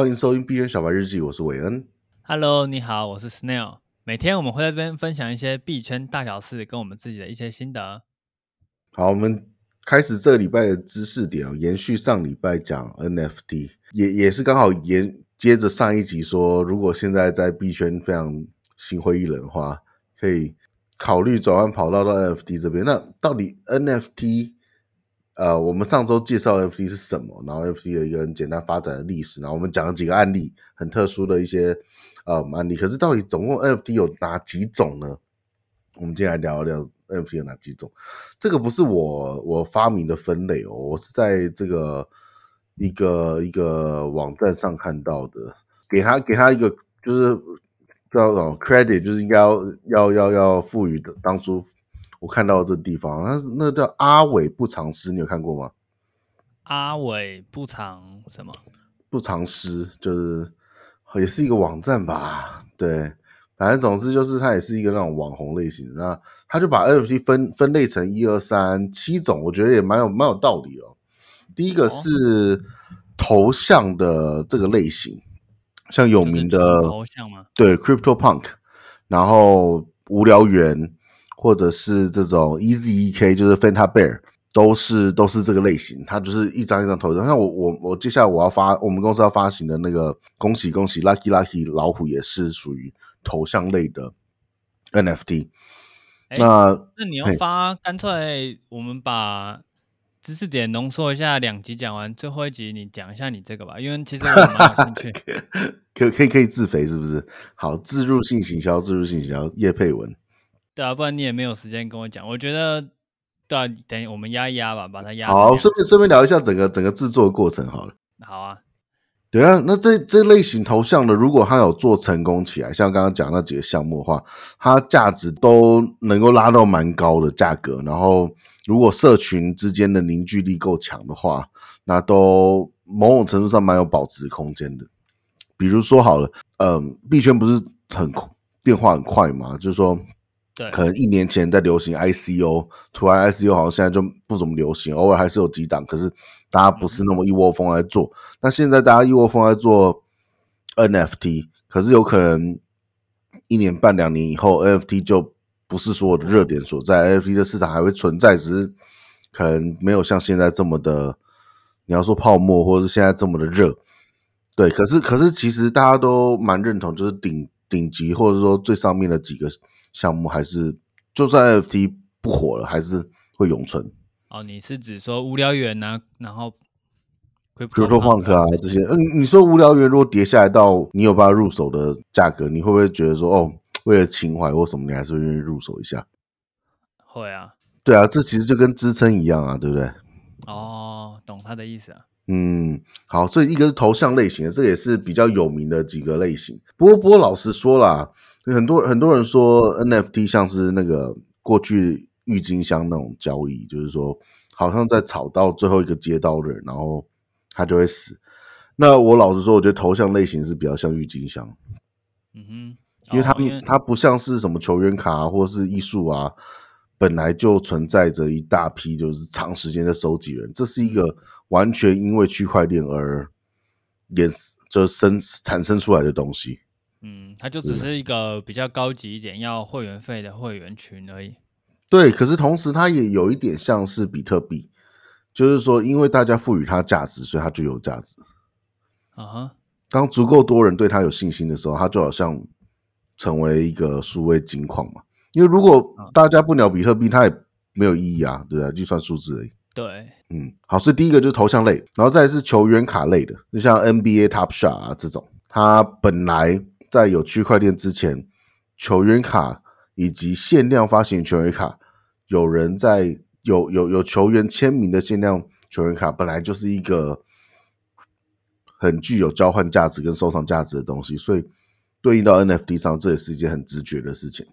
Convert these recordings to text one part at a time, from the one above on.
歡迎收聽幣圈小白日記，我是韋恩。Hello，你好，我是 Snail。每天我們會在這邊分享一些幣圈大小事跟我們自己的一些心得。好，我們開始這個禮拜的知識點，延續上禮拜講 NFT，也也是剛好延接着上一集說，如果現在在幣圈非常心灰意冷的話，可以考慮轉換跑道到 NFT 這邊。那到底 NFT？呃，我們上周介紹 NFT 是什麼，然後 NFT 有一個很簡單發展的歷史，然後我們講了幾個案例，很特殊的一些呃案例。可是到底總共 NFT 有哪幾種呢？我們今天來聊一聊 NFT 有哪幾種。這個不是我我發明的分類哦，我是在這個一個一個網站上看到的，給他給他一個就是叫什麼 credit，就是應該要要要要賦予的當初。我看到這個地方，他是那個，叫阿偉不藏私，你有看過嗎？阿偉不藏什麼？不藏私就是也是一個網站吧？對，反正總之就是它也是一個那種網紅類型。那他就把 NFT 分分類成一二三七種，我覺得也蠻有蠻有道理哦。第一個是頭像的這個類型，哦，像有名的、就是、對，Crypto Punk，然後無聊猿。嗯或者是這種 EzEK，就是 Fanta Bear，都是都是這個類型，它就是一張一張頭像我。那我我我接下來我要發我們公司要發行的那個，恭喜恭喜，Lucky Lucky 老虎也是屬於頭像類的 NFT。那、欸呃、那你要發、欸，乾脆我們把知識點濃縮一下，兩集講完，最後一集你講一下你這個吧，因為其實我蠻有興趣。 可以可以可以自肥是不是？好，自入性行銷，自入性行銷，業配文。對啊，不然你也沒有時間跟我講。我覺得對啊，等我們壓一壓吧，把它壓好。順便順便聊一下整個整個制作的過程好了。好啊。對啊，那這這類型頭像呢？如果它有做成功起來，像剛剛講那幾個項目的話，它價值都能夠拉到蠻高的價格。然後，如果社群之間的凝聚力夠強的話，那都某種程度上蠻有保值空間的。比如說好了，嗯、呃，幣圈不是很變化很快嘛，就是說。可能一年前在流行 ICO，突然 ICO 好像現在就不怎麼流行，偶爾還是有幾檔，可是大家不是那麼一窩蜂來做、嗯。那現在大家一窩蜂在做 NFT，可是有可能一年半兩年以後、嗯、NFT 就不是所有的熱點所在、嗯。NFT 的市場還會存在，只是可能沒有像現在這麼的，你要說泡沫，或者是現在這麼的熱。對，可是可是其實大家都蠻認同，就是頂頂級或者說最上面的幾個。項目還是，就算 NFT 不火了，還是會永存。哦，你是指說無聊猿啊，然後 CryptoPunk 啊這些？嗯、呃，你說無聊猿如果跌下來到你有辦法入手的價格，你會不會覺得說，哦，為了情懷或什麼，你還是願意入手一下？會啊，對啊，這其實就跟支撐一樣啊，對不對？哦，懂他的意思啊。嗯，好，所以一個是頭像類型的，這個、也是比較有名的幾個類型。不過、不過老實說啦。很多很多人說 NFT 像是那個過去鬱金香那種交易，就是說好像在炒到最後一個接到的人，然後他就會死。那我老實說，我覺得頭像類型是比較像鬱金香，嗯哼，因為它它、哦、不像是什麼球員卡、啊、或是藝術啊，本來就存在着一大批就是長時間在收集人，這是一個完全因為區塊鏈而衍生，就生產生出來的東西。嗯，它就只是一個比較高級一點要會員費的會員群而已。對，可是同時它也有一點像是比特幣，就是說因為大家賦予它價值，所以它就有價值啊。哈、uh -huh.，當足夠多人對它有信心的時候，它就好像成為一個數位金礦嘛。因為如果大家不鳥比特幣，它也沒有意義啊，對不、啊、對？就算數字而已。對、uh -huh.，嗯，好，所以第一個就是頭像類，然後再來是球員卡類的，就像 NBA Top Shot 啊這種，它本來。在有區塊鏈之前，球員卡以及限量發行球員卡，有人在有有有球員簽名的限量球員卡，本來就是一個很具有交換價值跟收藏價值的東西，所以對應到 NFT 上，這也是一件很直覺的事情。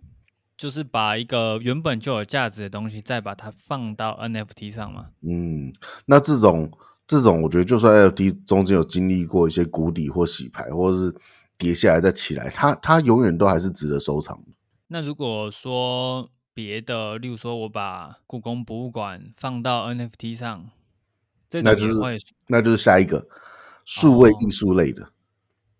就是把一個原本就有價值的東西，再把它放到 NFT 上嘛。嗯，那這種這種，我覺得就算 NFT 中間有經歷過一些谷底或洗牌，或者是。跌下來再起來，它它永遠都還是值得收藏的。那如果說別的，例如說我把故宮博物館放到 NFT 上，這那就是那就是下一個數位藝術類的。哦。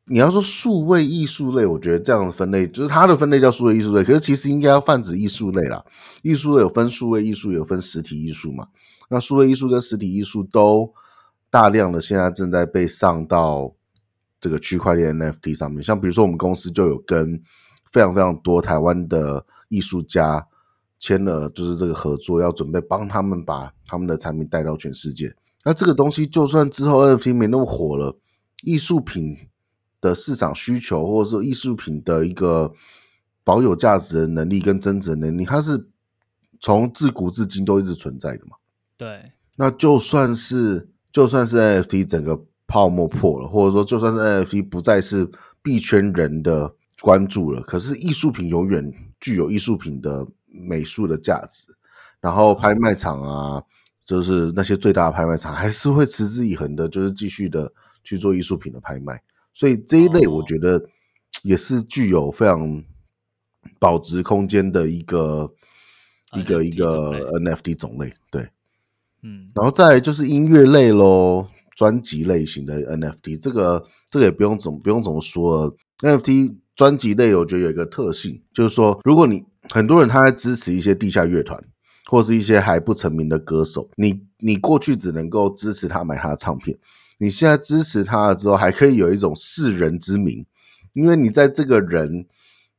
你要說數位藝術類，我覺得這樣的分類就是它的分類叫數位藝術類，可是其實應該要泛指藝術類啦。藝術類有分數位藝術，有分實體藝術嘛。那數位藝術跟實體藝術都大量的現在正在被上到。這個區塊鏈 NFT 上面，像比如說我們公司就有跟非常非常多台灣的藝術家簽了，就是這個合作，要準備幫他們把他們的產品帶到全世界。那這個東西就算之後 NFT 沒那麼火了，藝術品的市場需求或者說藝術品的一個保有價值的能力跟增值能力，它是從自古至今都一直存在的嘛。對。那就算是就算是 NFT 整個泡沫破了，或者說就算是 NFT 不再是幣圈人的關注了，可是藝術品永遠具有藝術品的美術的價值。然後拍賣場啊，哦、就是那些最大的拍賣場還是會持之以恆的，就是繼續的去做藝術品的拍賣。所以這一類我覺得也是具有非常保值空間的一個、哦、一個一個 NFT 種類。對，嗯，然後再來就是音樂類嘍。專輯類型的 NFT，這個這個也不用怎麼，不用怎麼說 NFT 專輯類，我覺得有一個特性，就是說，如果你很多人他在支持一些地下樂團，或是一些還不成名的歌手，你你過去只能夠支持他買他的唱片，你現在支持他了之後，還可以有一種識人之明，因為你在這個人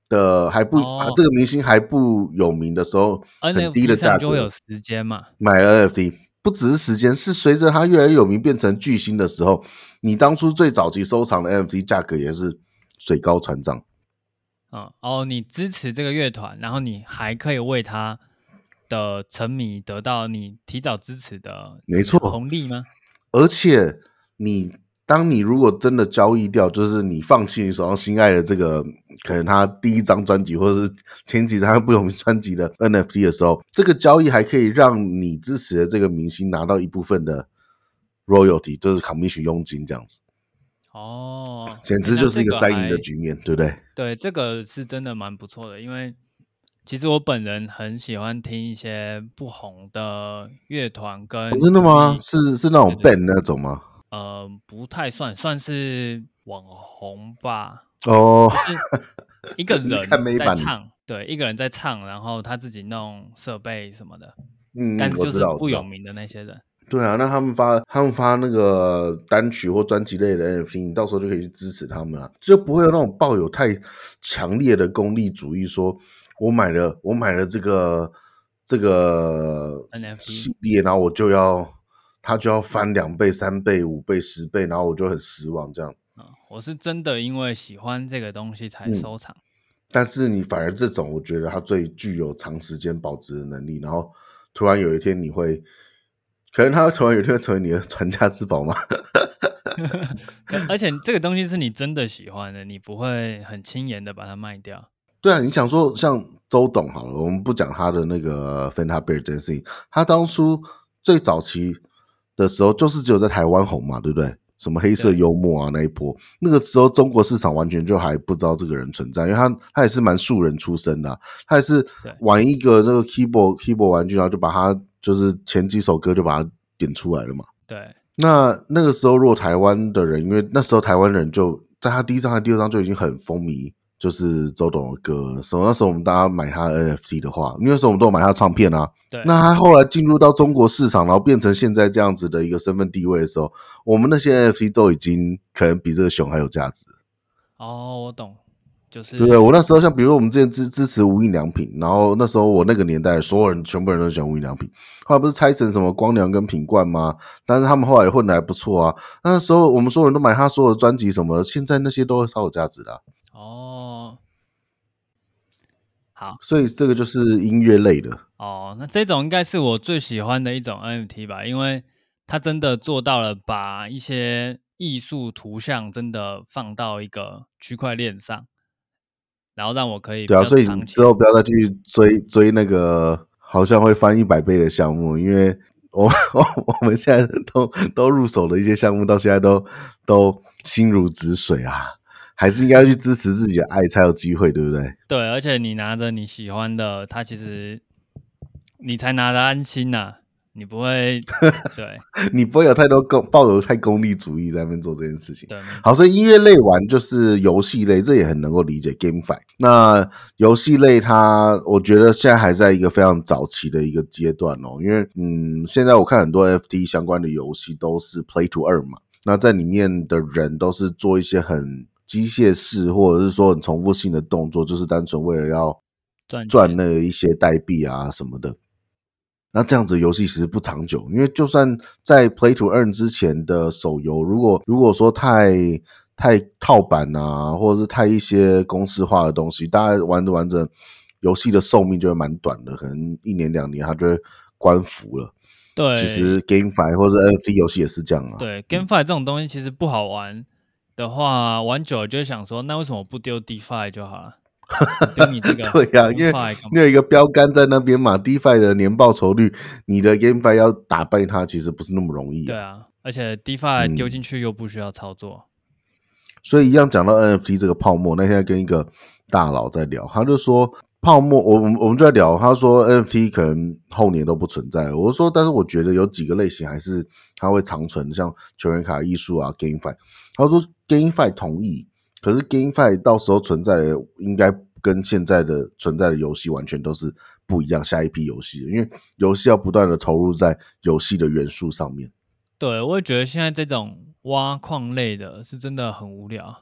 的還不、哦啊、這個明星還不有名的時候，啊那個，很低的價格就會有時間嘛，買 NFT。不只是時間，是隨着他越來越有名變成巨星的時候，你當初最早期收藏的 NFT 價格也是水高船漲。嗯、哦，你支持這個樂團，然後你還可以為他的成名得到你提早支持的，沒錯紅利嗎？而且你。當你如果真的交易掉，就是你放棄你手上心愛的這個，可能他第一張專輯或者是前幾張不同專輯的 NFT 的時候，這個交易還可以讓你支持的這個明星拿到一部分的 royalty，就是 commission 佣金這樣子。哦，簡直就是一個三贏的局面，哦欸、對不對、嗯？對，這個是真的蠻不錯的，因為其實我本人很喜歡聽一些不紅的樂團跟樂，跟、哦、真的嗎？是是那種 band 那種嗎？呃，不太算，算是網紅吧。哦、oh,，是一個人在唱 看，對，一個人在唱，然後他自己弄設備什麼的。嗯，我知道，但是就是不有名的那些人。對啊，那他們發他們發那個單曲或專輯類的 NFT，你到時候就可以去支持他們了，就不會有那種抱有太強烈的功利主義說，說我買了我買了這個這個系列，然後我就要。他就要翻兩倍、三倍、五倍、十倍，然後我就很失望。這樣、嗯，我是真的因為喜歡這個東西才收藏。嗯、但是你反而這種，我覺得它最具有長時間保值的能力。然後突然有一天你會，可能他突然有一天成為你的傳家之寶嘛 而且這個東西是你真的喜歡的，你不會很輕言的把它賣掉。對啊，你想說像周董好了，我們不講他的那個《Phanta Bear Dancing》，他當初最早期。的時候就是只有在台灣紅嘛，對不對？什麼黑色幽默啊那一波，那個時候中國市場完全就還不知道這個人存在，因為他他也是蠻素人出身的啊，他也是玩一個這個 keyboard keyboard 玩具，然後就把他就是前幾首歌就把它點出來了嘛。對，那那個時候如果台灣的人，因為那時候台灣人就在他第一張和第二張就已經很風靡。就是周董的歌的，什那時候我們大家買他的 NFT 的話，因為那時候我們都有買他唱片啊。對，那他後來進入到中國市場，然後變成現在這樣子的一個身份地位的時候，我們那些 NFT 都已經可能比這個熊還有價值。哦，我懂，就是。對，我那時候像比如說我們之前支支持無印良品，然後那時候我那個年代所有人全部人都喜歡無印良品，後來不是拆成什麼光良跟品冠嗎？但是他們後來也混得還不錯啊。那時候我們所有人都買他所有的專輯什麼，現在那些都超有價值的啊。哦、oh，好，所以這個就是音樂類的哦。Oh, 那這種應該是我最喜歡的一種 NFT 吧，因為它真的做到了把一些藝術圖像真的放到一個區塊鏈上，然後讓我可以，對啊。所以你之後不要再繼續追追那個好像會翻一百倍的項目，因為我我，我們現在都都入手的一些項目，到現在都都心如止水啊。還是應該去支持自己的愛才有機會，對不對？對，而且你拿着你喜歡的，他其實你才拿得安心吶、啊，你不會對， 你不會有太多功，抱有太功利主義在那邊做這件事情對。好，所以音樂類玩就是遊戲類，這也很能夠理解。GameFi，那遊戲類它，我覺得現在還在一個非常早期的一個階段哦，因為嗯，現在我看很多 NFT 相關的遊戲都是 Play to Earn 嘛，那在裡面的人都是做一些很。機械式或者是說很重複性的動作，就是單純為了要賺那一些代幣啊什麼的。那這樣子遊戲其實不長久，因為就算在 Play to Earn 之前的手遊，如果如果說太太套版啊，或者是太一些公式化的東西，大家玩着玩着，遊戲的壽命就會蠻短的，可能一年兩年它就會關服了。對，其實 GameFi 或者是 NFT 遊戲也是這樣啊。對，GameFi 這種東西其實不好玩。嗯的話玩久了就會想說，那為什麼不丟 DeFi 就好了？丟你這個 對呀、啊，因為你有一個標杆在那邊嘛，DeFi 的年報酬率，你的 GameFi 要打敗它，其實不是那麼容易、啊。對啊，而且 DeFi 丟進去又不需要操作，嗯、所以一樣講到 NFT 這個泡沫。那天跟一個大佬在聊，他就說泡沫，我我們我們就在聊，他說 NFT 可能後年都不存在。我就說，但是我覺得有幾個類型還是它會長存，像球員卡、藝術啊、GameFi。他說：“GameFi 同意，可是 GameFi 到時候存在的應該跟現在的存在的遊戲完全都是不一樣，下一批遊戲，因為遊戲要不斷的投入在遊戲的元素上面。”對，我也覺得現在這種挖礦類的是真的很無聊。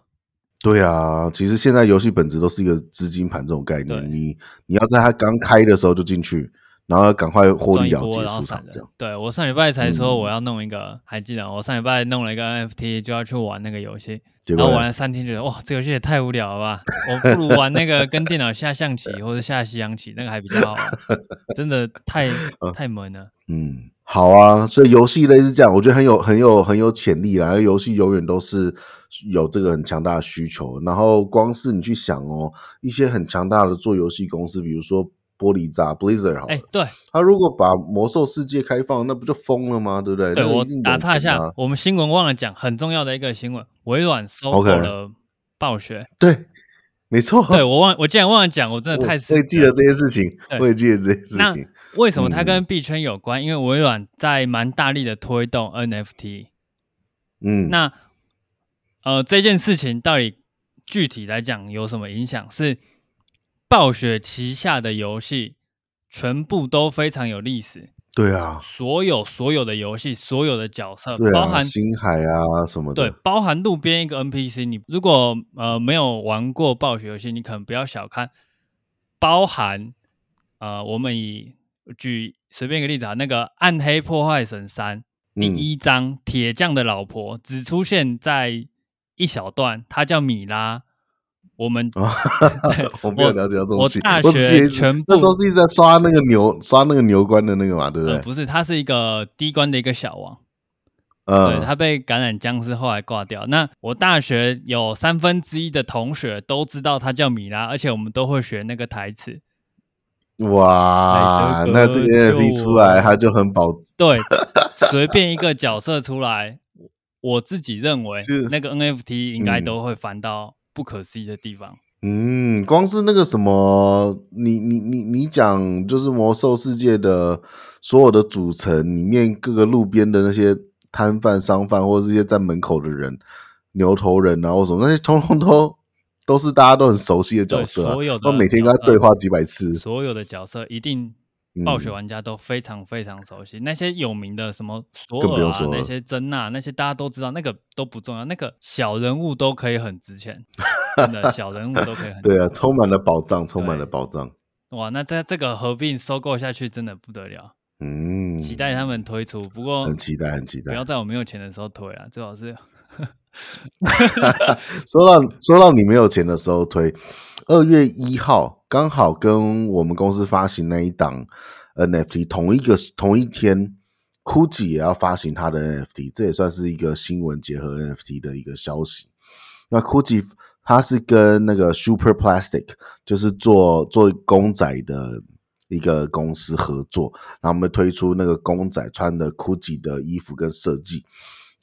對啊，其實現在遊戲本質都是一個資金盤這種概念，你你要在它剛開的時候就進去。然後趕快獲利了結市場，對，我上禮拜才說我要弄一個，嗯、還記得我上禮拜弄了一個 NFT，就要去玩那個遊戲，然後玩了三天，覺得哇，這遊、個、戲也太無聊了吧！ 我不如玩那個跟電腦下象棋或者下西洋棋， 那個還比較好，真的太 太悶了。嗯，好啊，所以遊戲類是這樣，我覺得很有很有很有潛力啦。遊戲永遠都是有這個很強大的需求，然後光是你去想哦，一些很強大的做遊戲公司，比如說。玻璃渣，Blizzard 好。哎、欸，對，他如果把魔獸世界開放，那不就瘋了嗎？對不對？對、啊、我打岔一下，我們新聞忘了講很重要的一個新聞，微軟收購了暴雪。Okay. 對，沒錯。對我忘，我竟然忘了講，我真的太會記得這件事情，我也記得這件事情。那為什麼它跟幣圈有關、嗯？因為微軟在蠻大力的推動 NFT。嗯，那呃，這件事情到底具體來講有什麼影響？是？暴雪旗下的遊戲全部都非常有歷史，對啊，所有所有的遊戲，所有的角色，啊、包含星海啊什麼的，對，包含路邊一個 NPC，你如果呃沒有玩過暴雪遊戲，你可能不要小看，包含呃，我們以舉隨便一個例子啊，那個《暗黑破壞神三》第一章鐵匠的老婆、嗯、只出現在一小段，她叫米拉。我們 我沒有了解過這東西，我大學全 部那時候是一直在刷那個牛刷那個牛關的那個嘛，對不對？呃、不是，他是一個低關的一個小王，呃、嗯，他被感染僵屍後來掛掉。那我大學有三分之一的同學都知道他叫米拉，而且我們都會學那個台詞。哇、哎，那這個 NFT 出來他就，就很保值，對，隨便一個角色出來， 我自己認為那個 NFT 應該都會翻到、嗯。不可惜的地方，嗯，光是那個什麼，你你你你講，就是魔獸世界的所有的主城，裡面，各個路邊的那些攤販、商販，或者是一些在門口的人，牛頭人啊，或什麼那些，通通都都是大家都很熟悉的角色啊，所有的，的，我每天跟他對話幾百次，所有的角色一定。嗯，暴雪玩家都非常非常熟悉那些有名的什麼索爾啊，更不用說了，那些珍娜，那些大家都知道，那個都不重要，那個小人物都可以很值錢， 真的小人物都可以很值錢。 對啊，充滿了寶藏，充滿了寶藏。哇，那在這個合併收購下去真的不得了，嗯，期待他們推出，不過很期待很期待，不要在我沒有錢的時候推啊，最好是。 說到說到你沒有錢的時候推。二月一號剛好跟我們公司發行那一檔 NFT 同一個同一天 Gucci 也要發行他的 NFT，這也算是一個新聞結合 NFT 的一個消息。那 Gucci 他是跟那個 Super Plastic，就是做做公仔的一個公司合作，然後我們推出那個公仔穿的 Gucci 的衣服跟設計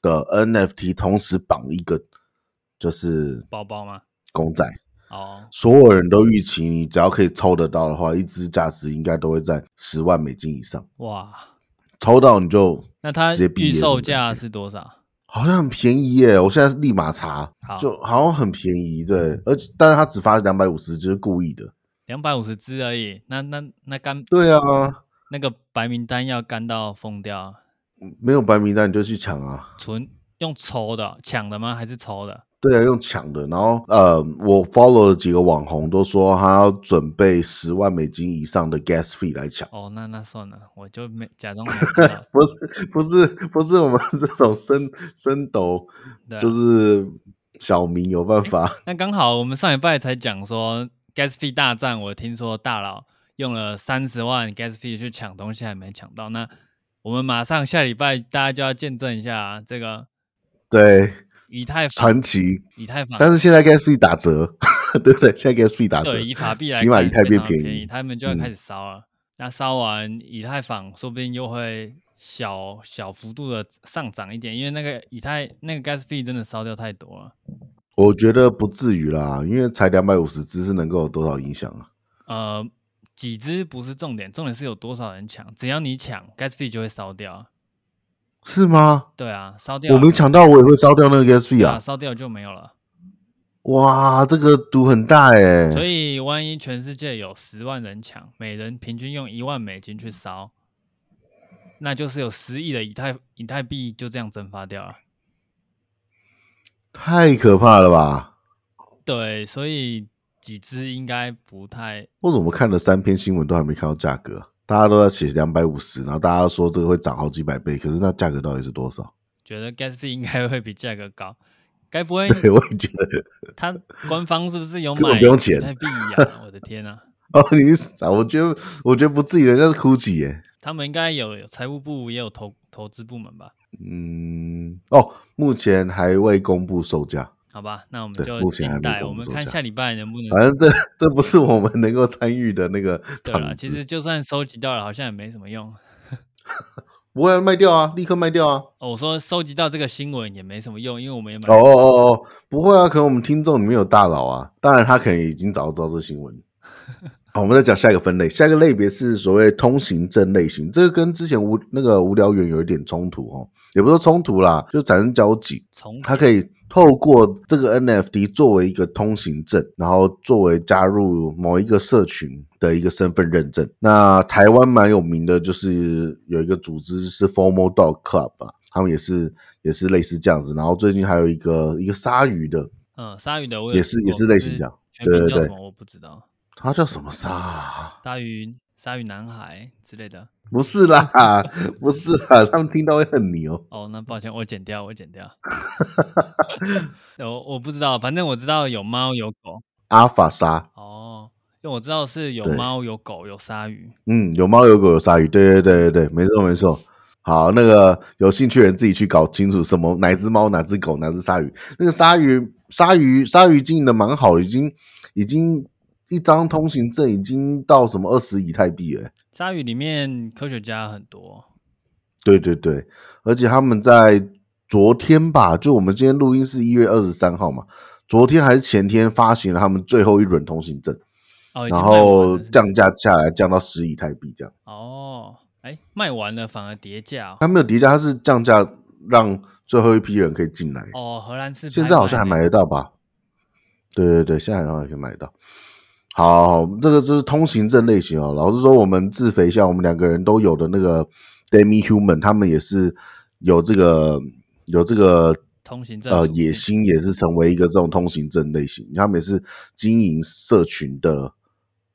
的 NFT，同時綁一個就是包包嗎？公仔。哦，所有人都預期你只要可以抽得到的話，一支價值應該都會在十萬美金以上。哇，抽到你就那它預售價是多少？好像很便宜耶、欸！我現在是立馬查，就好像很便宜。對，而但是他只發兩百五十只，是故意的。兩百五十只而已，那那那幹對啊，那個白名單要幹到瘋掉。沒有白名單你就去搶啊，純用抽的搶的嗎？還是抽的？對啊，用搶的，然後呃，我 follow 了幾個網紅，都說他要準備十萬美金以上的 gas fee 來搶。哦，那那算了，我就沒假裝沒、啊 不。不是不是不是，我們這種升升斗就是小民有辦法、欸。那剛好我們上禮拜才講說 gas fee 大戰，我聽說大佬用了三十萬 gas fee 去搶東西還沒搶到，那我們馬上下禮拜大家就要見證一下、啊、這個。對。以太坊傳奇，以太坊，但是現在 gas fee 打折，嗯呵呵，對不對？現在 gas fee 打折，以法幣來，起碼以太變便宜，他們、嗯、就要開始燒了。那燒完以太坊，說不定又會小小幅度的上漲一點，因為那個以太那個 gas fee 真的燒掉太多了。我覺得不至於啦，因為才兩百五十只是能夠有多少影響啊？呃，幾隻不是重點，重點是有多少人搶，只要你搶 gas fee 就會燒掉。是嗎？對啊，燒掉。我沒搶到，我也會燒掉那個 u s p 啊。對啊，燒掉就沒有了。哇，這個毒很大欸。所以，萬一全世界有十萬人搶，每人平均用一萬美金去燒，那就是有十億的以太以太幣就這樣蒸發掉了。太可怕了吧？對，所以幾隻應該不太。我怎麼看了三篇新聞都還沒看到價格？大家都在寫兩百五十，然後大家說這個會漲好幾百倍，可是那價格到底是多少？覺得 Gas fee 應該會比價格高，該不會？我也覺得他官方是不是有買、啊？根本不用錢。太啊、 我的天啊！哦，你是啊？我覺得我覺得不至於，人家是 Gucci 耶。 他們應該有，有財務部，也有投投資部門吧？嗯，哦，目前還未公布售價。好吧，那我們就期待我們看下禮拜能不能。反正這這不是我們能夠參與的那個場子。對了，其實就算收集到了，好像也沒什麼用。 不會、啊、賣掉啊，立刻賣掉啊、哦！我說收集到這個新聞也沒什麼用，因為我們也沒有。哦哦哦哦，不會啊，可能我們聽眾裡面有大佬啊，當然他可能已經早知道這新聞。 好，我們再講下一個分類，下一個類別是所謂通行證類型，這個跟之前無那個無聊猿有一點衝突哦，也不是衝突啦，就產生交集。衝突。它可以。透過這個 NFT 作為一個通行證，然後作為加入某一個社群的一個身份認證。那台灣蠻有名的就是有一個組織是 FOMO Dog Club 吧、啊，他們也是也是類似這樣子。然後最近還有一個一個鯊魚的，嗯，鯊魚的，也是也是類似這樣、就是。對對對，我不知道它叫什麼鯊？鯊魚。鯊魚男孩之類的，不是啦，不是啦， 他們聽到會很牛。哦，oh，那抱歉，我剪掉，我剪掉。有， 我不知道，反正我知道有貓有狗。阿法鯊。哦，因為我知道是有貓有狗有鯊魚。嗯，有貓有狗有鯊魚，對對對對對，沒錯沒錯。好，那個有興趣的人自己去搞清楚什麼哪隻貓哪隻狗哪隻鯊魚。那個鯊魚鯊魚鯊魚經營的蠻好，已經已經。一張通行證已經到什麼二十以太幣了？鯊魚裡面科學家很多，對對對，而且他們在昨天吧，就我們今天錄音是一月二十三號嘛，昨天還是前天發行了他們最後一輪通行證，然後降價下來降到十以太幣這樣。哦，哎，賣完了反而跌價，它沒有跌價，它是降價讓最後一批人可以進來。哦，荷蘭式現在好像還買得到吧？對對對，對，現在好像可以買得到。好，好，這個就是通行證類型哦。老實說，我們自肥像我們兩個人都有的那個 Demi Human，他們也是有這個有這個通行證，呃，野心也是成為一個這種通行證類型。他們也是經營社群的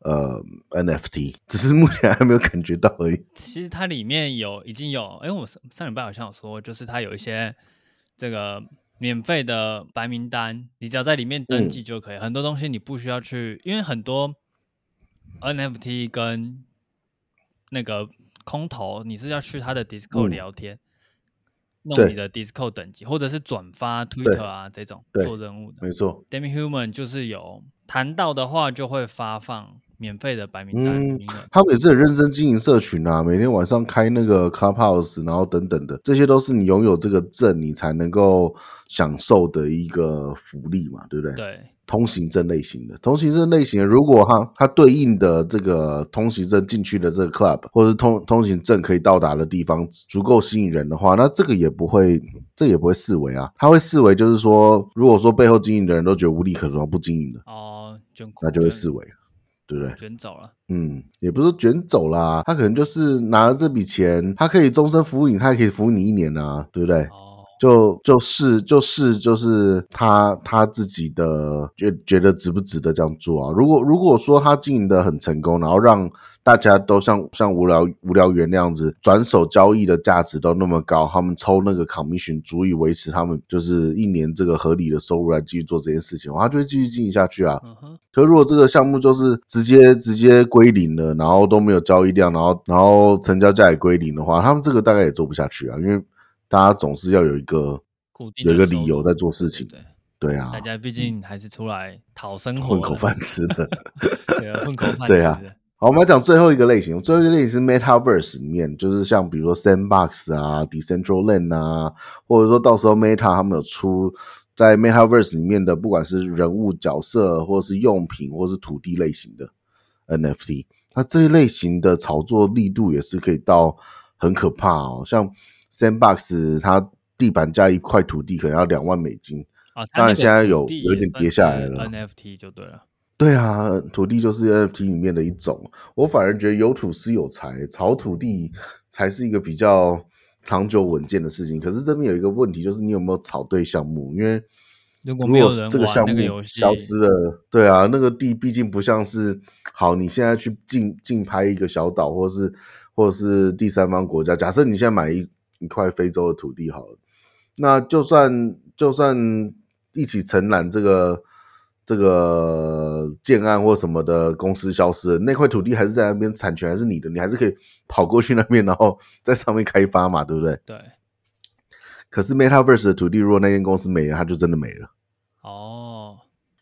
呃 NFT，只是目前還沒有感覺到而已。其實它裡面有已經有，哎、欸，我上禮拜好像有說，就是它有一些這個。免費的白名單，你只要在裡面登記就可以、嗯。很多東西你不需要去，因為很多 NFT 跟那個空投，你是要去他的 Discord 聊天，嗯、弄你的 Discord 等級，或者是轉發 Twitter 啊這種做任務的。沒錯，DemiHuman 就是有談到的話就會發放。免費的白名單，嗯、他們也是很認真經營社群啊。每天晚上開那個 clubhouse，然後等等的，這些都是你擁有這個證你才能夠享受的一個福利嘛，對不對？對，通行證類型的，通行證類型的，如果哈它對應的這個通行證進去的這個 club，或者是通通行證可以到達的地方足夠吸引人的話，那這個也不會這個、也不會視為啊，它會視為就是說，如果說背後經營的人都覺得無利可圖，不經營的。哦、呃，那就會視為。對不對？捲走了。嗯，也不是捲走啦，他可能就是拿了這筆錢，他可以終身服務你，他也可以服務你一年啊，對不對？哦就就是就是就是他他自己的覺覺得值不值得這樣做啊？如果如果說他經營得很成功，然後讓大家都像像無聊無聊猿那樣子，轉手交易的價值都那麼高，他們抽那個 commission 足以維持他們就是一年這個合理的收入來繼續做這件事情，他就會繼續經營下去啊。可是如果這個項目就是直接直接歸零了，然後都沒有交易量，然後然後成交價也歸零的話，他們這個大概也做不下去啊，因為。大家總是要有一個有一個理由在做事情，對對,對,對啊，大家畢竟還是出來討生活的、嗯、混口飯吃、, 啊、吃的，對啊，混口飯吃的。好，我們來講最後一個類型，最後一個類型是 Metaverse 裡面，就是像比如說 Sandbox 啊、Decentraland 啊，或者說到時候 Meta 他們有出在 Metaverse 裡面的，不管是人物角色，或者是用品，或者是土地類型的 NFT，那、啊、這一類型的炒作力度也是可以到很可怕哦，像。Sandbox 它地板價一塊土地可能要兩萬美金啊，當然現在有有點跌下來了。NFT 就對了，對啊，土地就是 NFT 裡面的一種。我反而覺得有土是有財，炒土地才是一個比較長久穩健的事情。可是這邊有一個問題，就是你有沒有炒對項目？因為如果這個項目消失了，對啊，那個地畢竟不像是好。你現在去競競拍一個小島，或是或是第三方國家，假設你現在買一。一塊非洲的土地好了，那就算就算一起承攬這個這個建案或什麼的公司消失，那塊土地還是在那邊，產權還是你的，你還是可以跑過去那邊，然後在上面開發嘛，對不對？對。可是 Metaverse 的土地，如果那間公司沒了，它就真的沒了。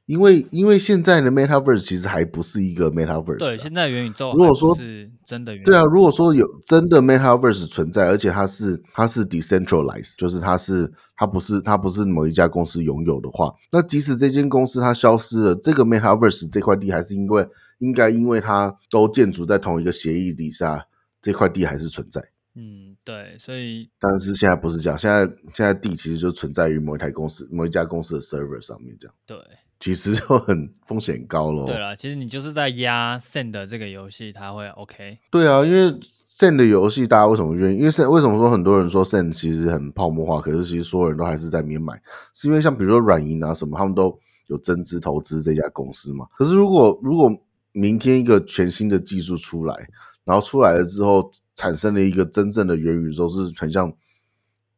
因為因為現在的 Metaverse 其實還不是一個 Metaverse 啊。對，現在元宇宙原，如果說真的，對啊，如果說有真的 Metaverse 存在，而且它是它是 decentralized，就是它是它不是它不是某一家公司擁有的話，那即使這間公司它消失了，這個 Metaverse 這塊地還是因為應該因為它都建築在同一個協議底下，這塊地還是存在。嗯，對，所以但是現在不是這樣，現在現在地其實就存在於某一台公司某一家公司的 server 上面這樣。對。其實就很風險高咯。對啊，其實你就是在壓 Send 這個遊戲，它會 OK。對啊，因為 Send 的遊戲，大家為什麼願意？因為 Send 為什麼說很多人說 Send 其實很泡沫化？可是其實所有人都還是在裡面買，是因為像比如說軟銀啊什麼，他們都有增資投資這家公司嘛。可是如果如果明天一個全新的技術出來，然後出來了之後，產生了一個真正的元宇宙，是全像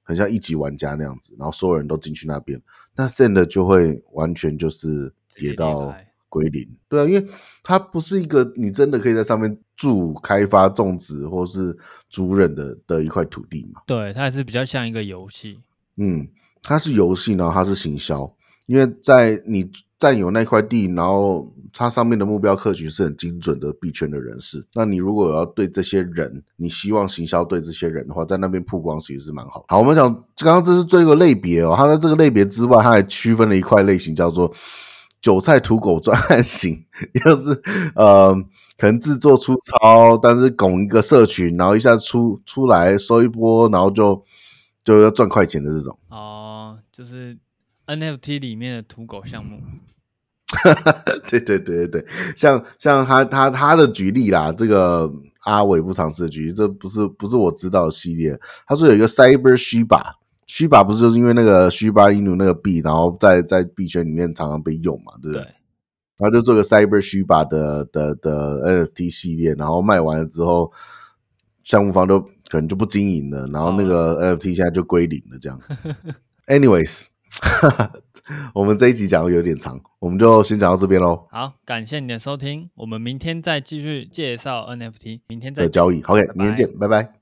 很像一級玩家那樣子，然後所有人都進去那邊，那 SAND 就會完全就是跌到歸零。對啊，因為它不是一個你真的可以在上面住、開發、種植或是租人的的一塊土地嘛。對，它還是比較像一個遊戲。嗯，它是遊戲呢，它是行銷，因為在你。佔有那塊地，然後它上面的目標客群是很精準的幣圈的人士。那你如果要對這些人，你希望行銷對這些人的話，在那邊曝光其實是蠻好。好，我們講剛剛這是最後一個類別哦。它在這個類別之外，它還區分了一塊類型，叫做韭菜土狗專案型， 就是呃，可能制作粗糙，但是拱一個社群，然後一下出出來收一波，然後就就要賺快錢的這種。哦，就是。NFT 裡面的土狗項目，嗯、 對對對對對，像像他他他的舉例啦，這個阿偉、啊、不嘗試的舉例，這不是不是我知道的系列。他說有一個 Cyber Shiba，Shiba 不是就是因為那個 Shiba Inu 那個幣，然後在在幣圈裡面常常被用嘛，對不對？然後就做個 Cyber Shiba 的的的，的 NFT 系列，然後賣完了之後，項目方都可能就不經營了，然後那個 NFT 現在就歸零了，這樣。哦、 Anyways。哈哈，我們這一集講的有點長，我們就先講到這邊嘍。好，感謝你的收聽，我們明天再繼續介紹 NFT，明天再交易。OK，拜拜明天見，拜拜。